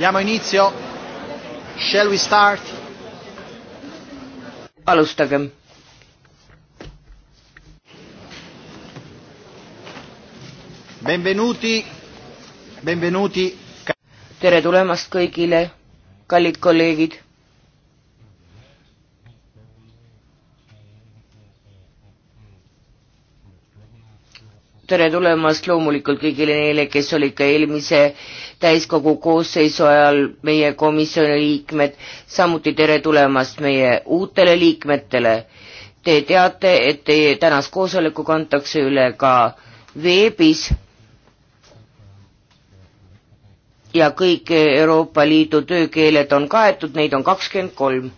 Diamo inizio. Shall we start? Alustagem. Benvenuti, benvenuti. tere tulemast kõigile, kallid kolleegid tere tulemast loomulikult kõigile neile, kes olid ka eelmise täiskogu koosseisu ajal meie komisjoni liikmed, samuti tere tulemast meie uutele liikmetele. Te teate, et teie tänast koosoleku kantakse üle ka veebis ja kõik Euroopa Liidu töökeeled on kaetud, neid on kakskümmend kolm.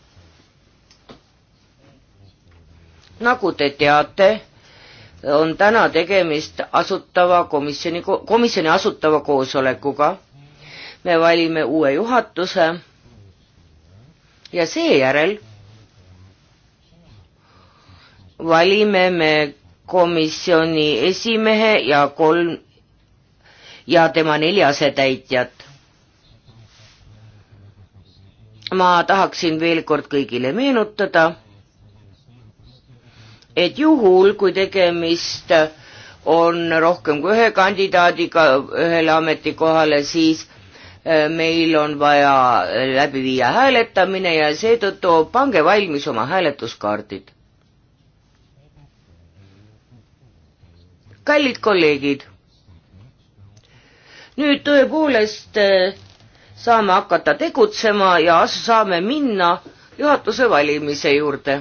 nagu te teate on täna tegemist asutava komisjoni, komisjoni asutava koosolekuga. me valime uue juhatuse ja seejärel valime me komisjoni esimehe ja kolm ja tema neli asetäitjat. ma tahaksin veel kord kõigile meenutada et juhul, kui tegemist on rohkem kui ühe kandidaadiga ühele ametikohale, siis äh, meil on vaja äh, läbi viia hääletamine ja seetõttu pange valmis oma hääletuskaardid. kallid kolleegid, nüüd tõepoolest äh, saame hakata tegutsema ja saame minna juhatuse valimise juurde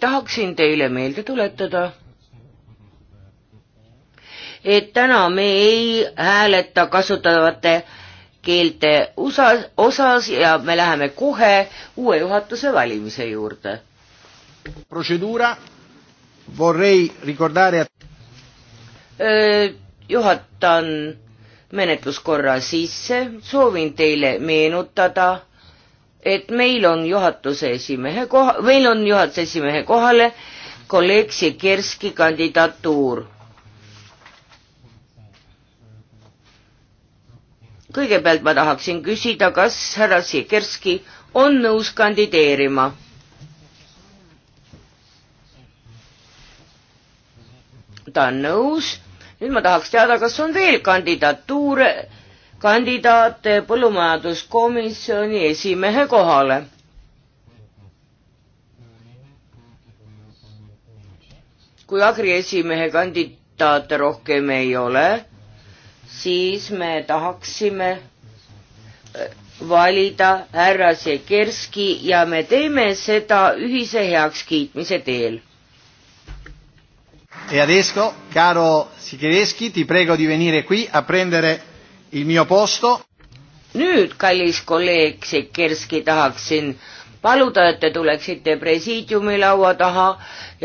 tahaksin teile meelde tuletada, et täna me ei hääleta kasutavate keelte usas, osas ja me läheme kohe uue juhatuse valimise juurde. protseduura, vorrei ricordare et.... juhatan menetluskorra sisse, soovin teile meenutada et meil on juhatuse esimehe koha, meil on juhatuse esimehe kohale kolleeg Sikerski kandidatuur. kõigepealt ma tahaksin küsida, kas härra Sikerski on nõus kandideerima ta on nõus. nüüd ma tahaks teada, kas on veel kandidatuure kandidaate põllumajanduskomisjoni esimehe kohale. kui agri esimehe kandidaate rohkem ei ole, siis me tahaksime äh, valida härra Sekerski ja me teeme seda ühise heakskiitmise teel. E adesso, caro Sikerski, ti prego di venire qui a prendere Il mio posto. nüüd, kallis kolleeg Sikerski, tahaksin paluda, et te tuleksite presiidiumi laua taha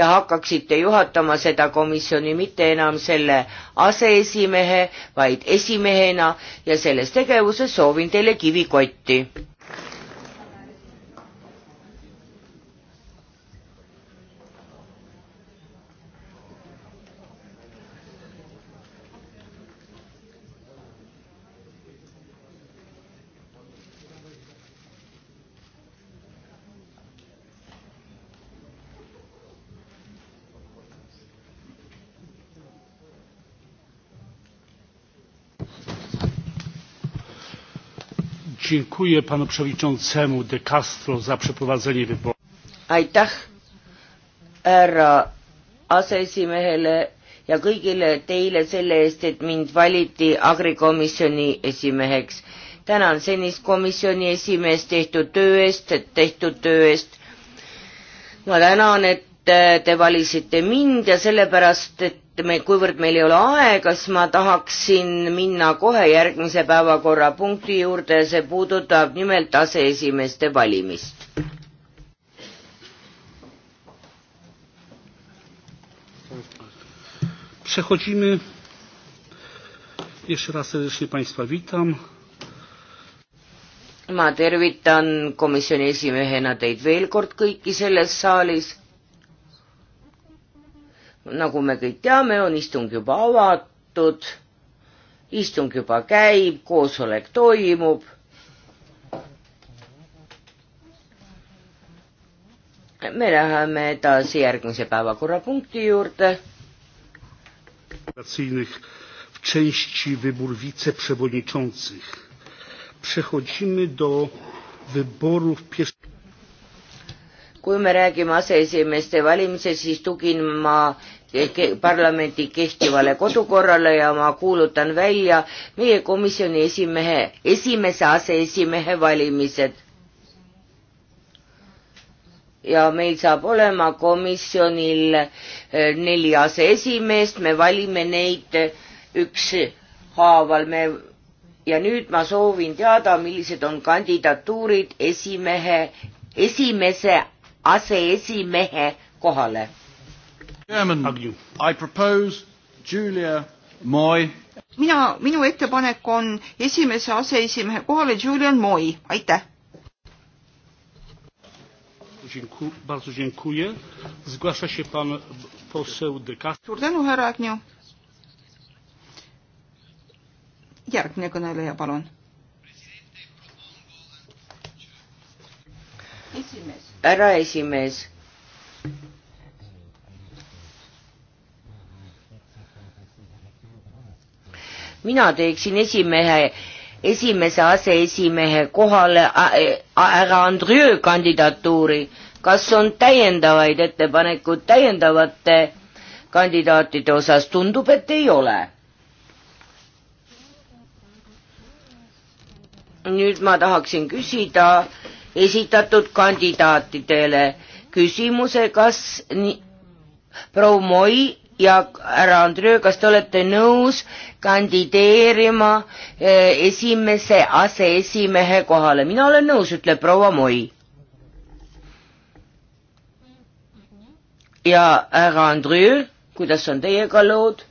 ja hakkaksite juhatama seda komisjoni mitte enam selle aseesimehe, vaid esimehena ja selles tegevuses soovin teile kivikotti. dziękuję panu przewodniczącemu de Castro za przeprowadzenie wyborów. aitäh härra aseesimehele ja kõigile teile selle eest, et mind valiti agrikomisjoni esimeheks. tänan senist komisjoni esimeest tehtud töö eest, tehtud töö eest. ma tänan, et te valisite mind ja sellepärast, et me, kuivõrd meil ei ole aega, siis ma tahaksin minna kohe järgmise päevakorrapunkti juurde, see puudutab nimelt aseesimeeste valimist. Przechodzimy. Jeszcze raz serdecznie Państwa witam. Ma tervitan komisjoni esimehena teid veel kord kõiki selles saalis nagu me kõik teame, on istung juba avatud, istung juba käib, koosolek toimub. me läheme edasi järgmise päevakorrapunkti juurde. w części wybór wiceprzewodniczących. Przechodzimy do wyborów kui me räägime aseesimeeste valimisest, siis tugin ma parlamenti kehtivale kodukorrale ja ma kuulutan välja meie komisjoni esimehe, esimese aseesimehe valimised. ja meil saab olema komisjonil eh, neli aseesimeest, me valime neid eh, ükshaaval, me ja nüüd ma soovin teada, millised on kandidatuurid esimehe, esimese aseesimehe kohale Chairman, I propose Julia Moi. mina, minu ettepanek on esimese aseesimehe kohale Julian Moi, aitäh. suur tänu, härra Agnew. järgmine kõneleja, palun. härra esimees Ära, mina teeksin esimehe, esimese aseesimehe kohale e, härra Andrjöö kandidatuuri. kas on täiendavaid ettepanekuid täiendavate kandidaatide osas? tundub, et ei ole. nüüd ma tahaksin küsida esitatud kandidaatidele küsimuse, kas proua Moi ja härra Andröö, kas te olete nõus kandideerima eh, esimese aseesimehe kohale? mina olen nõus, ütleb proua Moi. ja härra Andröö, kuidas on teiega lood?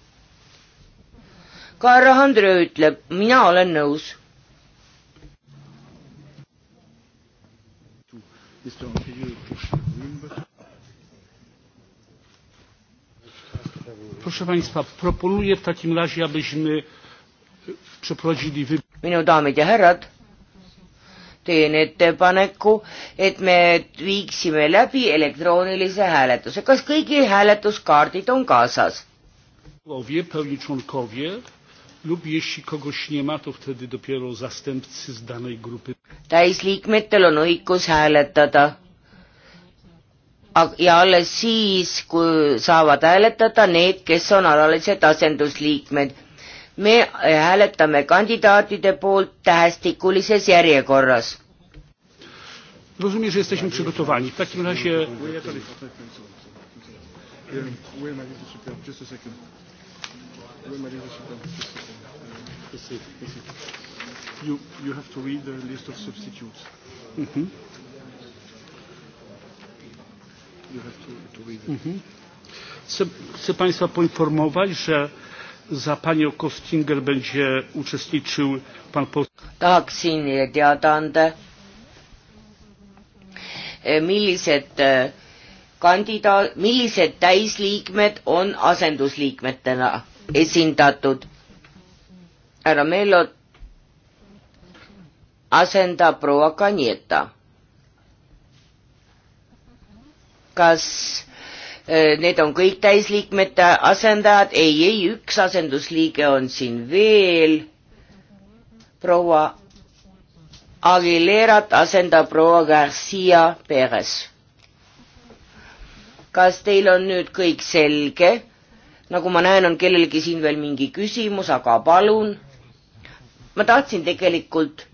ka härra Andröö ütleb, mina olen nõus. Mr. Proszę Państwa, proponuję w takim razie, abyśmy e, przeprowadzili wy... Minu daamid ja härrad, teen ettepaneku, et me viiksime läbi elektroonilise hääletuse. Kas kõigil hääletuskaardid on kaasas? Członkowie, pełni członkowie lub jeśli kogoś nie ma, to wtedy dopiero zastępcy z danej grupy. Täisliikmetel on õigus hääletada ja alles siis, kui saavad hääletada need, kes on alalised asendusliikmed. me hääletame kandidaatide poolt tähestikulises järjekorras. Rozumiem, że jesteśmy przygotowani. W takim razie... You, you have to read the list of substitutes. Mm -hmm. Chcę Państwa poinformować, że za panią Kostinger będzie uczestniczył pan poseł. Tahaksin teada anda, e, millised e, kandidaat, millised täisliikmed on asendusliikmetena esindatud. härra Meelo asendab proua Kanieta kas eh, need on kõik täisliikmete asendajad, ei, ei, üks asendusliige on siin veel, proua Aguilerat asendab proua Garcia Perez. kas teil on nüüd kõik selge? nagu ma näen, on kellelgi siin veel mingi küsimus, aga palun. ma tahtsin tegelikult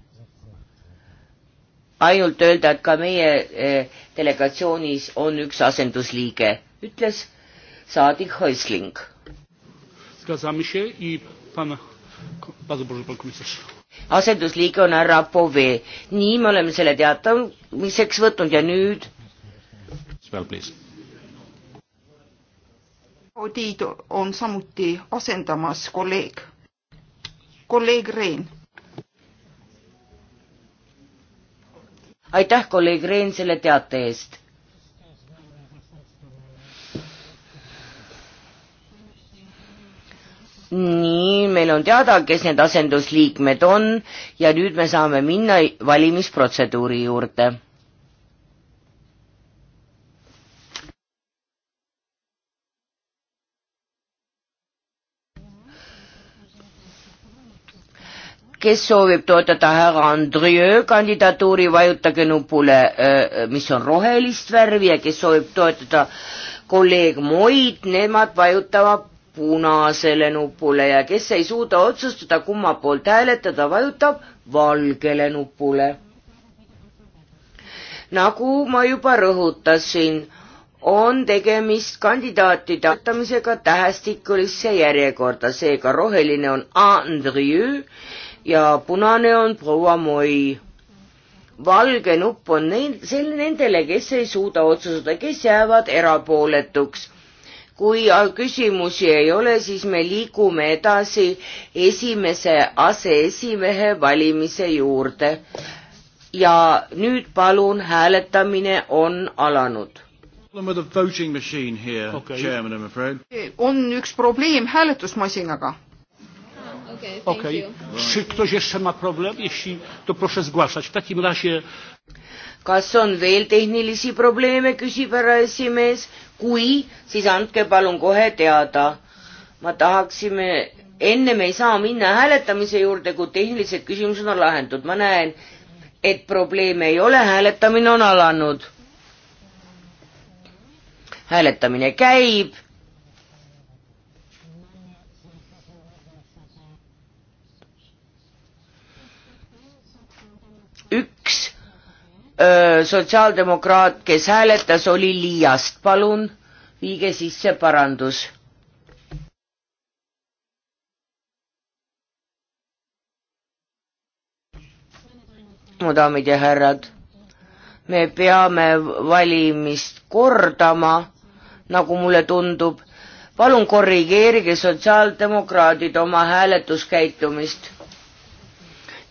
ainult öelda, et ka meie eh, delegatsioonis on üks asendusliige, ütles saadik Häusling. asendusliige on härra Pove, nii me oleme selle teatamiseks võtnud ja nüüd. Odiid on samuti asendamas kolleeg, kolleeg Rein aitäh kolleeg Rehn selle teate eest. nii, meil on teada, kes need asendusliikmed on ja nüüd me saame minna valimisprotseduuri juurde kes soovib toetada härra Andrieu kandidatuuri, vajutage nupule, mis on rohelist värvi ja kes soovib toetada kolleeg Moid, nemad vajutavad punasele nupule ja kes ei suuda otsustada, kumma poolt hääletada, vajutab valgele nupule. nagu ma juba rõhutasin, on tegemist kandidaatide võtamisega tähestikulisse järjekorda, seega roheline on Andrieu ja punane on proua Moi. valge nupp on neil, sel nendele, kes ei suuda otsustada, kes jäävad erapooletuks. kui küsimusi ei ole, siis me liigume edasi esimese aseesimehe valimise juurde. ja nüüd palun, hääletamine on alanud problem with the voting machine here, okay. Chairman, I'm afraid. on üks probleem hääletusmasinaga. Okay, okay. Czy ktoś jeszcze ma problem? Jeśli to proszę zgłaszać. W takim razie... Kas on veel tehnilisi probleeme, küsib härra esimees. Kui, siis andke palun kohe teada. Ma tahaksime, enne me ei saa minna hääletamise juurde, kui tehnilised küsimused on lahendud. Ma näen, et probleeme ei ole, hääletamine on alanud. hääletamine käib, sotsiaaldemokraat, kes hääletas, oli Liiast, palun viige sisse parandus. mu daamid ja härrad, me peame valimist kordama, nagu mulle tundub. palun korrigeerige sotsiaaldemokraadid oma hääletuskäitumist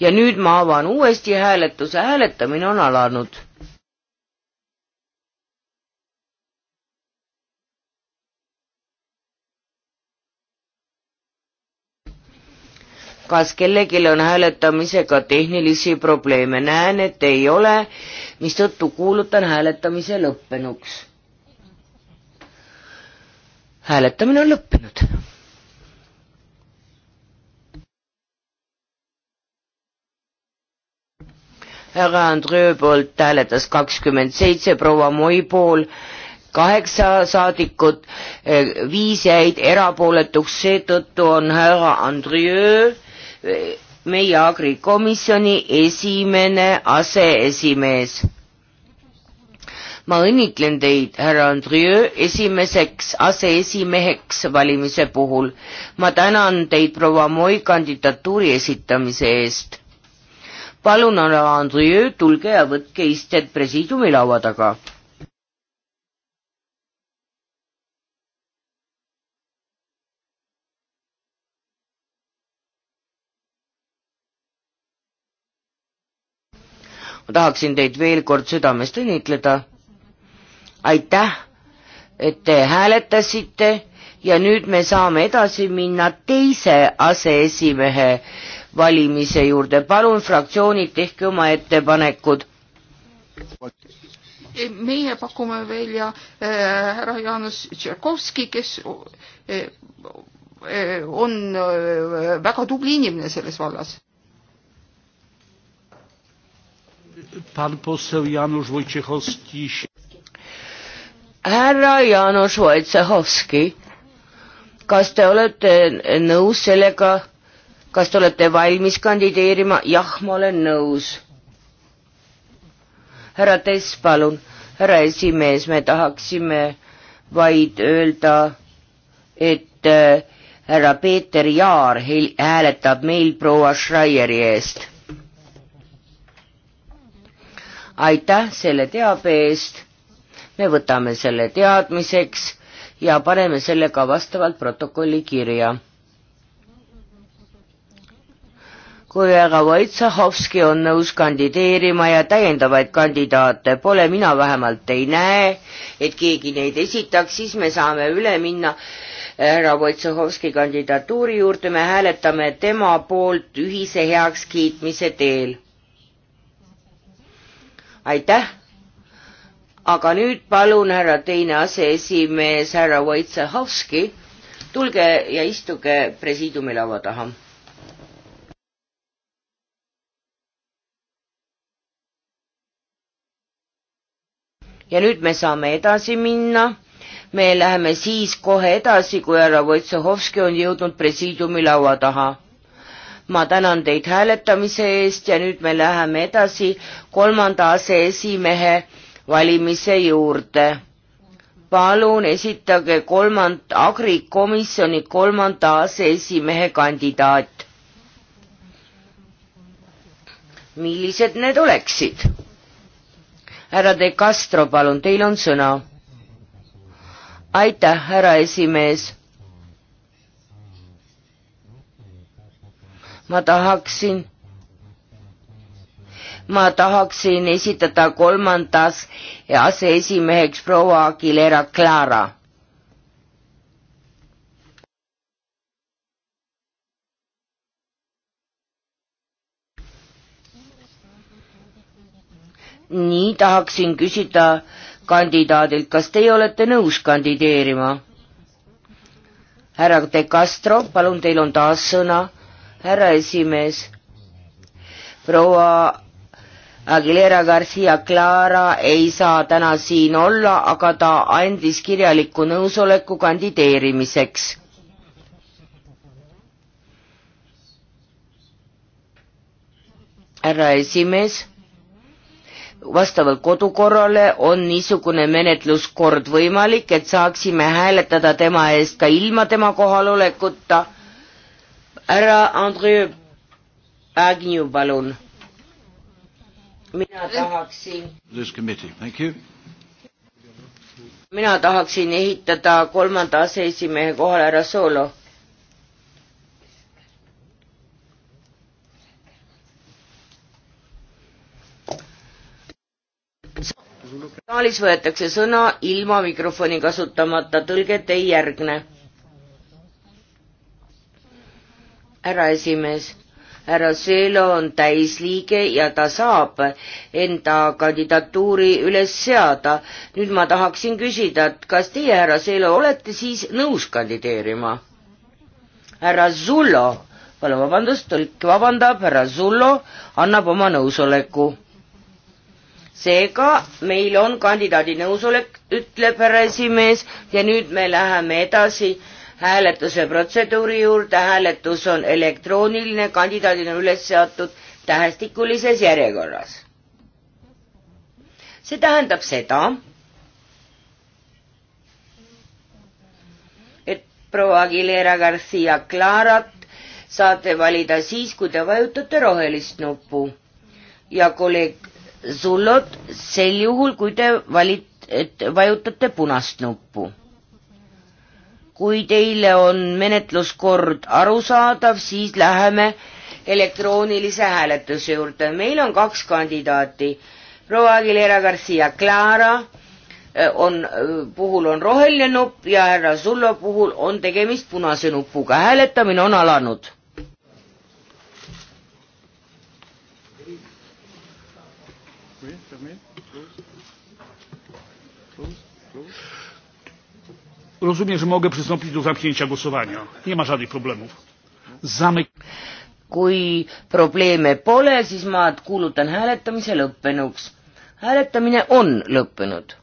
ja nüüd ma avan uuesti hääletuse, hääletamine on alanud. kas kellelgi on hääletamisega tehnilisi probleeme, näen, et ei ole, mistõttu kuulutan hääletamise lõppenuks. hääletamine on lõppenud. härra Andröö poolt hääletas kakskümmend seitse, proua Moi pool kaheksa saadikut, eh, viis jäid erapooletuks, seetõttu on härra Andröö eh, meie agrikomisjoni esimene aseesimees. ma õnnitlen teid, härra Andrieu, esimeseks aseesimeheks valimise puhul. ma tänan teid proua Moi kandidatuuri esitamise eest palun, härra Andriöö, tulge ja võtke istet presiidiumi laua taga. ma tahaksin teid veel kord südamest õnnitleda. aitäh, et te hääletasite ja nüüd me saame edasi minna teise aseesimehe valimise juurde. palun, fraktsioonid, tehke oma ettepanekud. Eh, meie pakume välja eh, härra äh, Jaanus Tšerkovski, kes äh, on äh, väga tubli inimene selles vallas. pan poseł Janusz Wojciechowski się härra Jaanus Vaitsehhovski, kas te olete nõus sellega, kas te olete valmis kandideerima? jah, ma olen nõus. härra Tess, palun, härra esimees, me tahaksime vaid öelda, et äh, härra Peeter Jaar hääletab meil proua Schreieri eest. aitäh selle teabe eest, me võtame selle teadmiseks ja paneme selle ka vastavalt protokolli kirja kui aga Vaitsahovski on nõus kandideerima ja täiendavaid kandidaate pole, mina vähemalt ei näe, et keegi neid esitaks, siis me saame üle minna härra Vaitsahovski kandidatuuri juurde, me hääletame tema poolt ühise heakskiitmise teel. aitäh, aga nüüd palun, härra teine aseesimees, härra Vaitsahovski, tulge ja istuge presiidiumi laua taha ja nüüd me saame edasi minna. me läheme siis kohe edasi, kui härra Võtsehovski on jõudnud presiidiumi laua taha. ma tänan teid hääletamise eest ja nüüd me läheme edasi kolmanda aseesimehe valimise juurde. palun esitage kolmand-, agrikomisjoni kolmanda aseesimehe kandidaat. millised need oleksid? härra De Castro, palun, teil on sõna. aitäh, härra esimees. ma tahaksin, ma tahaksin esitada kolmandas aseesimeheks proua Aguilera Clara nii tahaksin küsida kandidaadilt, kas teie olete nõus kandideerima? härra De Castro, palun, teil on taas sõna, härra esimees. proua Aguilera Garcia Clara ei saa täna siin olla, aga ta andis kirjaliku nõusoleku kandideerimiseks härra esimees, vastavalt kodukorrale on niisugune menetluskord võimalik, et saaksime hääletada tema eest ka ilma tema kohalolekuta. härra Andrei Agnew, palun. mina tahaksin. mina tahaksin ehitada kolmanda aseesimehe kohale härra Soolo saalis võetakse sõna ilma mikrofoni kasutamata, tõlget ei järgne. härra esimees, härra Seelo on täisliige ja ta saab enda kandidatuuri üles seada. nüüd ma tahaksin küsida, et kas teie, härra Seelo, olete siis nõus kandideerima? härra Zullo, palun vabandust, tõlk vabandab, härra Zullo annab oma nõusoleku seega meil on kandidaadi nõusolek, ütleb härra esimees ja nüüd me läheme edasi hääletuse protseduuri juurde, hääletus on elektrooniline, kandidaadid on üles seatud tähestikulises järjekorras. see tähendab seda, et proua Aguilera Garcia Clarat saate valida siis, kui te vajutate rohelist nuppu ja kolleeg sullot sel juhul, kui te valit-, vajutate punast nuppu. kui teile on menetluskord arusaadav, siis läheme elektroonilise hääletuse juurde. meil on kaks kandidaati. proua Aguilera Garcia Clara eh, on, eh, puhul on roheline nupp ja härra Zullo puhul on tegemist punase nupuga. hääletamine on alanud rozumiem, że mogę przystąpić do zamknięcia głosowania. Nie ma żadnych problemów. Zamyk... Kui probleeme pole, siis ma kuulutan hääletamise lõppenuks. Hääletamine on lõppenud.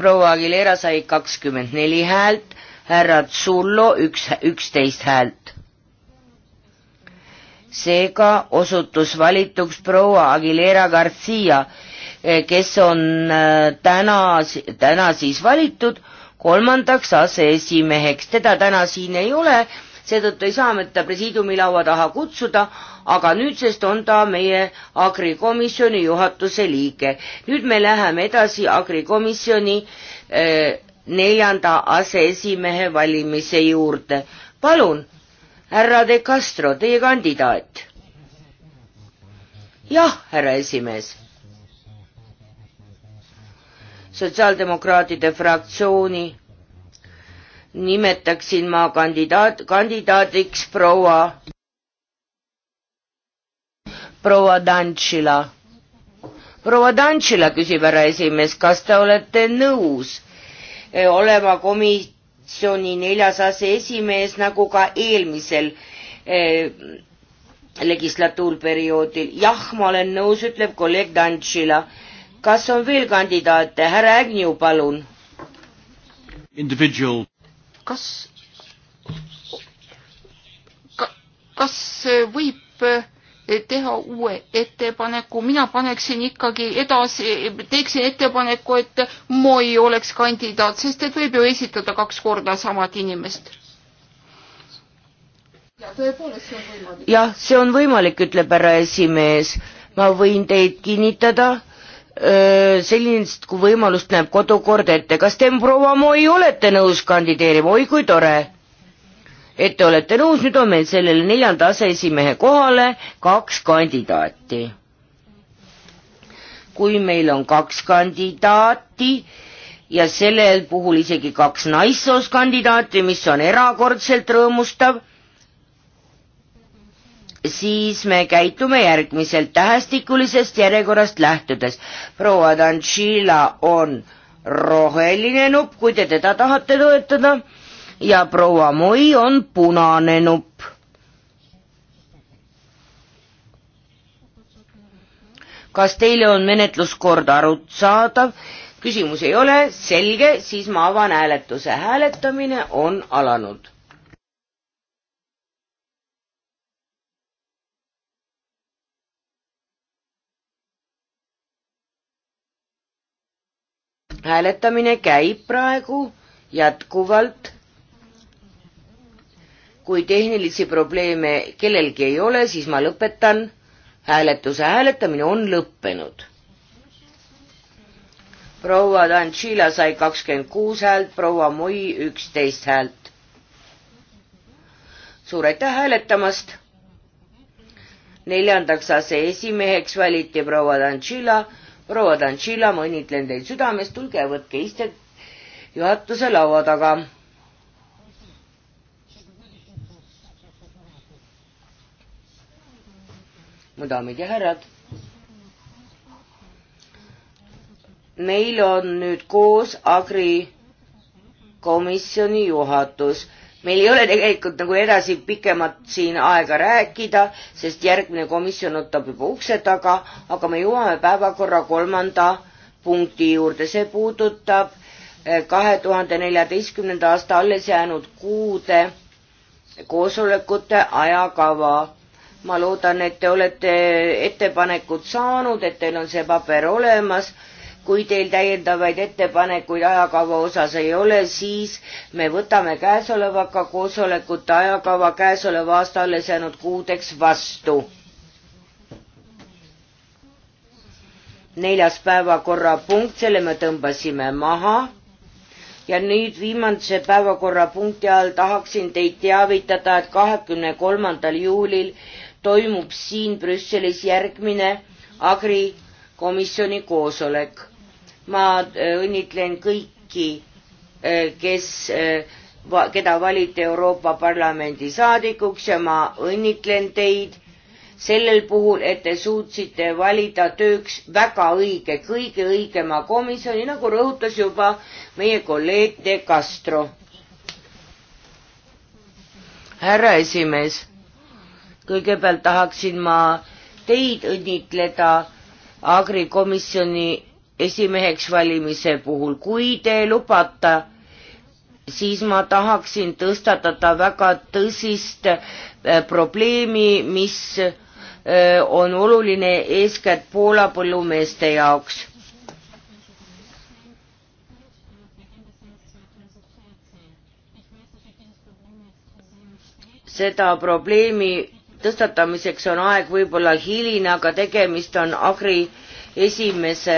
Proua Aguilera sai 24 häält, härrad Sullo 11 häält seega osutus valituks proua Aguilera Garcia, eh, kes on eh, täna, täna siis valitud kolmandaks aseesimeheks. teda täna siin ei ole, seetõttu ei saa me teda presiidiumi laua taha kutsuda, aga nüüdsest on ta meie agrikomisjoni juhatuse liige. nüüd me läheme edasi agrikomisjoni eh, neljanda aseesimehe valimise juurde. palun härra De Castro, teie kandidaat. jah, härra esimees. sotsiaaldemokraatide fraktsiooni nimetaksin ma kandidaat, kandidaadiks proua, proua Dantšila. proua Dantšila küsib härra esimees, kas te olete nõus eh, olema komitee komisjoni neljas aseesimees nagu ka eelmisel eh, legislatuurperioodil. jah, ma olen nõus, ütleb kolleeg Dantšila. kas on veel kandidaate? härra Ägniu, palun. kas ka,, kas võib teha uue ettepaneku, mina paneksin ikkagi edasi, teeksin ettepaneku, et Moi oleks kandidaat, sest et võib ju esitada kaks korda samad inimest. jah, see on võimalik, ütleb härra esimees. ma võin teid kinnitada, sellist kui võimalust näeb kodukord ette. kas te, proua Moi, olete nõus kandideerima? oi kui tore et te olete nõus, nüüd on meil sellele neljanda aseesimehe kohale kaks kandidaati. kui meil on kaks kandidaati ja sellel puhul isegi kaks naissoost kandidaati, mis on erakordselt rõõmustav, siis me käitume järgmiselt tähestikulisest järjekorrast lähtudes. proua Danšila on roheline nupp, kui te teda tahate toetada ja proua Moi on punane nupp. kas teile on menetluskord arusaadav? küsimusi ei ole, selge, siis ma avan hääletuse. hääletamine on alanud. hääletamine käib praegu jätkuvalt kui tehnilisi probleeme kellelgi ei ole, siis ma lõpetan hääletuse. hääletamine on lõppenud. proua Tantšila sai kakskümmend kuus häält, proua Mui üksteist häält. suur aitäh hääletamast. neljandaks aseesimeheks valiti proua Tantšila. proua Tantšila, ma õnnitlen teid südamest, tulge ja võtke istet juhatuse laua taga mu daamid ja härrad. meil on nüüd koos Agri komisjoni juhatus. meil ei ole tegelikult nagu edasi pikemalt siin aega rääkida, sest järgmine komisjon ootab juba ukse taga, aga me jõuame päevakorra kolmanda punkti juurde, see puudutab eh, kahe tuhande neljateistkümnenda aasta alles jäänud kuude koosolekute ajakava ma loodan, et te olete ettepanekud saanud, et teil on see paber olemas. kui teil täiendavaid ettepanekuid ajakava osas ei ole, siis me võtame käesolevaga koosolekute ajakava käesoleva aasta alles jäänud kuudeks vastu. neljas päevakorrapunkt, selle me tõmbasime maha ja nüüd viimase päevakorrapunkti all tahaksin teid teavitada, et kahekümne kolmandal juulil toimub siin Brüsselis järgmine Agri komisjoni koosolek. ma äh, õnnitlen kõiki, äh, kes, äh, keda valiti Euroopa Parlamendi saadikuks ja ma õnnitlen teid sellel puhul, et te suutsite valida tööks väga õige, kõige õigema komisjoni, nagu rõhutas juba meie kolleeg De Castro. härra esimees kõigepealt tahaksin ma teid õnnitleda agrikomisjoni esimeheks valimise puhul. kui te lubate, siis ma tahaksin tõstatada väga tõsist äh, probleemi, mis äh, on oluline eeskätt Poola põllumeeste jaoks. seda probleemi tõstatamiseks on aeg võib-olla hiline, aga tegemist on Agri esimese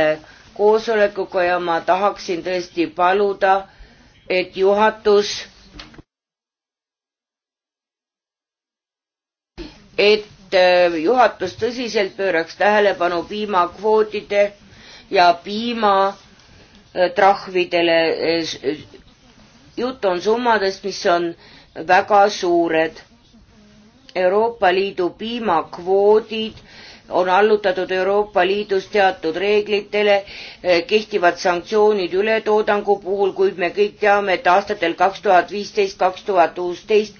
koosolekuga ja ma tahaksin tõesti paluda, et juhatus, et äh, juhatus tõsiselt pööraks tähelepanu piimakvootide ja piimatrahvidele. Äh, äh, jutt on summadest, mis on väga suured Euroopa Liidu piimakvoodid on allutatud Euroopa Liidus teatud reeglitele, eh, kehtivad sanktsioonid ületoodangu puhul, kuid me kõik teame, et aastatel kaks tuhat viisteist, kaks tuhat kuusteist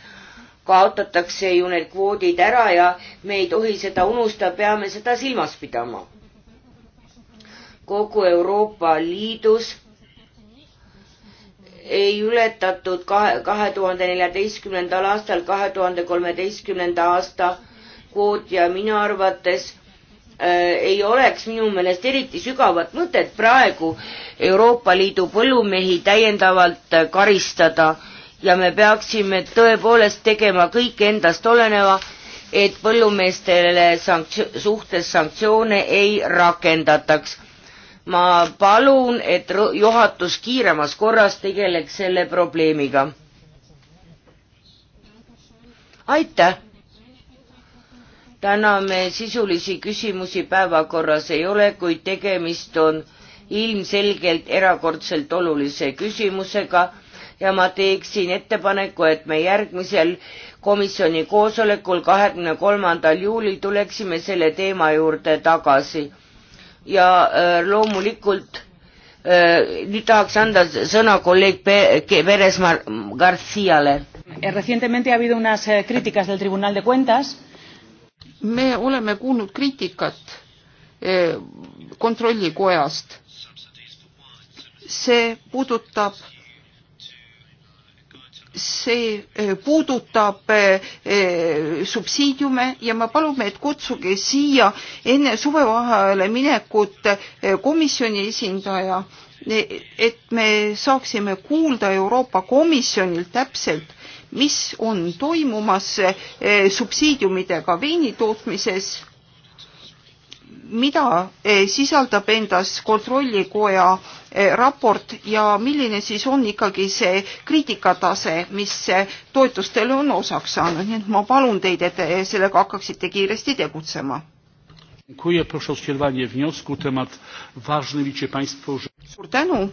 kaotatakse ju need kvoodid ära ja me ei tohi seda unustada, peame seda silmas pidama. kogu Euroopa Liidus ei ületatud kahe, kahe tuhande neljateistkümnendal aastal kahe tuhande kolmeteistkümnenda aasta kvoot ja minu arvates äh, ei oleks minu meelest eriti sügavat mõtet praegu Euroopa Liidu põllumehi täiendavalt äh, karistada ja me peaksime tõepoolest tegema kõik endast oleneva, et põllumeestele sanktsioon, suhtes sanktsioone ei rakendataks ma palun, et juhatus kiiremas korras tegeleks selle probleemiga. aitäh! täna me sisulisi küsimusi päevakorras ei ole, kuid tegemist on ilmselgelt erakordselt olulise küsimusega ja ma teeksin ettepaneku, et me järgmisel komisjoni koosolekul, kahekümne kolmandal juulil tuleksime selle teema juurde tagasi ja äh, loomulikult äh, nüüd tahaks anda sõna kolleeg Peresmaa Garciale. Eh, recientemente ha habido unas eh, críticas del Tribunal de Cuentas. me oleme kuulnud kriitikat eh, kontrollikojast. see puudutab see eh, puudutab eh, eh, subsiidiume ja me palume, et kutsuge siia enne suvevaheajale minekut komisjoni esindaja, et me saaksime kuulda Euroopa Komisjonilt täpselt, mis on toimumas subsiidiumidega veini tootmises mida eh, sisaldab endas kontrollikoja eh, raport ja milline siis on ikkagi see kriitikatase, mis eh, toetustele on osaks saanud, nii et ma palun teid, et te sellega hakkaksite kiiresti tegutsema. suur tänu.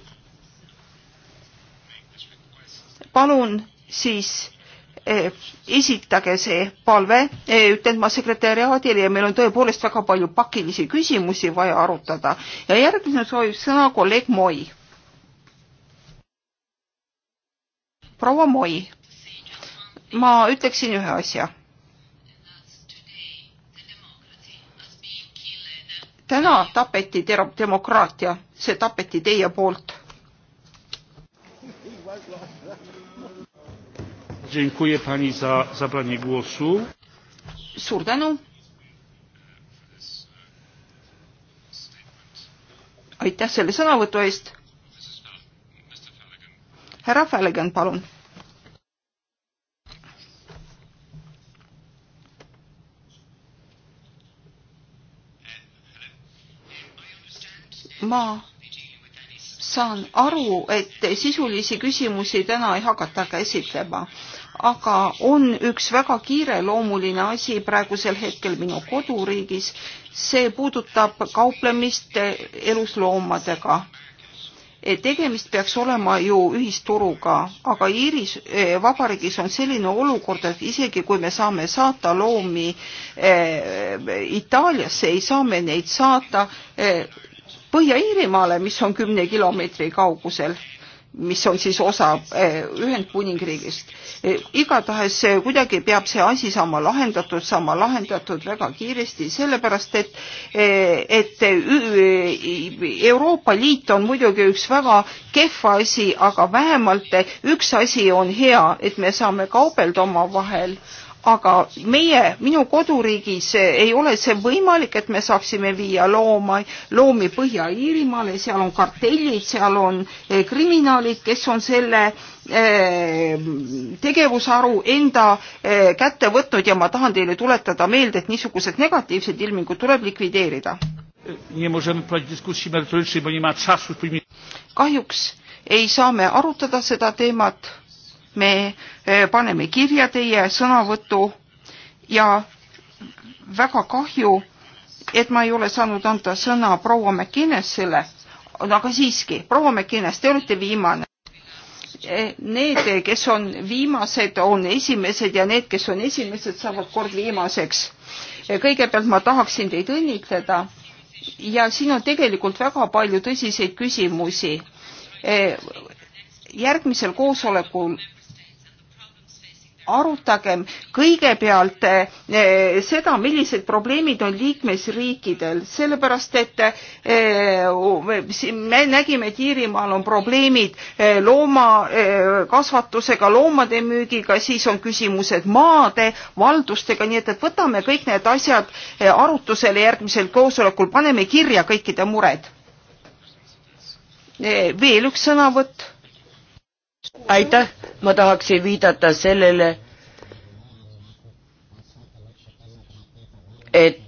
palun siis Eh, esitage see palve, eh, ütlen ma sekretäriaadile ja meil on tõepoolest väga palju pakilisi küsimusi vaja arutada. ja järgmisena soovib sõna kolleeg Moi. proua Moi, ma ütleksin ühe asja. täna tapeti demokraatia, see tapeti teie poolt. Dziękuję pani za zabranie głosu. Suur tänu. aitäh selle sõnavõtu eest. härra Fälegan, palun. ma saan aru, et sisulisi küsimusi täna ei hakata käsitlema, aga on üks väga kiireloomuline asi praegusel hetkel minu koduriigis. see puudutab kauplemist elusloomadega. E, tegemist peaks olema ju ühisturuga, aga Iiris e, Vabariigis on selline olukord, et isegi kui me saame saata loomi e, Itaaliasse, ei saa me neid saata Põhja-Iirimaale, mis on kümne kilomeetri kaugusel mis on siis osa eh, Ühendkuningriigist. Eh, igatahes eh, kuidagi peab see asi saama lahendatud, saama lahendatud väga kiiresti, sellepärast et, et Euroopa Liit on muidugi üks väga kehv asi, aga vähemalt üks asi on hea, et me saame kaubelda omavahel, aga meie, minu koduriigis ei ole see võimalik, et me saaksime viia looma, loomi Põhja-Iirimaale, seal on kartellid, seal on eh, kriminaalid, kes on selle eh, tegevusharu enda eh, kätte võtnud ja ma tahan teile tuletada meelde, et niisugused negatiivsed ilmingud tuleb likvideerida. kahjuks ei saa me arutada seda teemat me eh, paneme kirja teie sõnavõtu ja väga kahju, et ma ei ole saanud anda sõna proua McInnesele, aga siiski, proua McInnes, te olete viimane. Eh, need, kes on viimased, on esimesed ja need, kes on esimesed, saavad kord viimaseks. Eh, kõigepealt ma tahaksin teid õnnitleda ja siin on tegelikult väga palju tõsiseid küsimusi järgmisel koosolekul arutagem kõigepealt eh, seda, millised probleemid on liikmesriikidel, sellepärast et eh, me nägime, et Iirimaal on probleemid eh, loomakasvatusega, loomade müügiga, siis on küsimused maade, valdustega, nii et, et võtame kõik need asjad arutusele järgmisel koosolekul, paneme kirja kõikide mured. veel üks sõnavõtt aitäh, ma tahaksin viidata sellele, et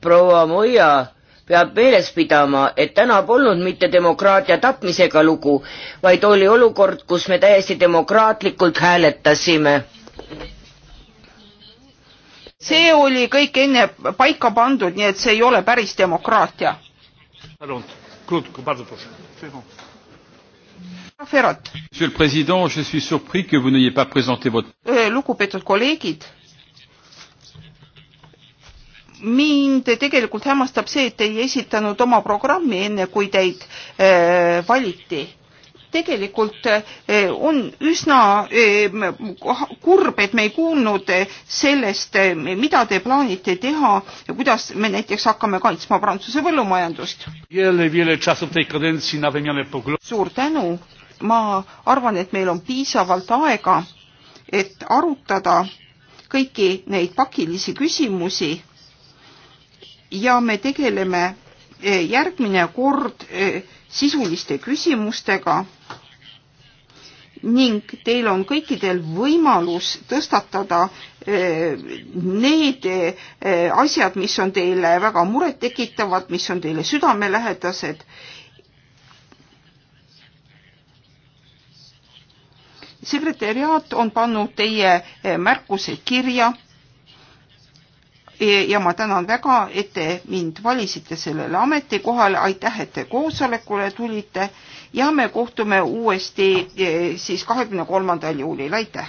proua Moia peab meeles pidama, et täna polnud mitte demokraatia tapmisega lugu, vaid oli olukord, kus me täiesti demokraatlikult hääletasime. see oli kõik enne paika pandud, nii et see ei ole päris demokraatia. palun monsieur le président je suis surpris que vous n'ayez pas présenté votre. E, lugupeetud kolleegid mind tegelikult hämmastab see et te ei esitanud oma programmi enne kui teid e, valiti tegelikult eh, on üsna eh, kurb, et me ei kuulnud eh, sellest, mida te plaanite teha ja kuidas me näiteks hakkame kaitsma Prantsuse põllumajandust. suur tänu, ma arvan, et meil on piisavalt aega, et arutada kõiki neid pakilisi küsimusi ja me tegeleme järgmine kord eh, sisuliste küsimustega ning teil on kõikidel võimalus tõstatada eh, need eh, asjad, mis on teile väga murettekitavad, mis on teile südamelähedased. sekretäriaat on pannud teie eh, märkused kirja ja ma tänan väga, et te mind valisite sellele ametikohale, aitäh, et te koosolekule tulite ja me kohtume uuesti siis kahekümne kolmandal juulil, aitäh!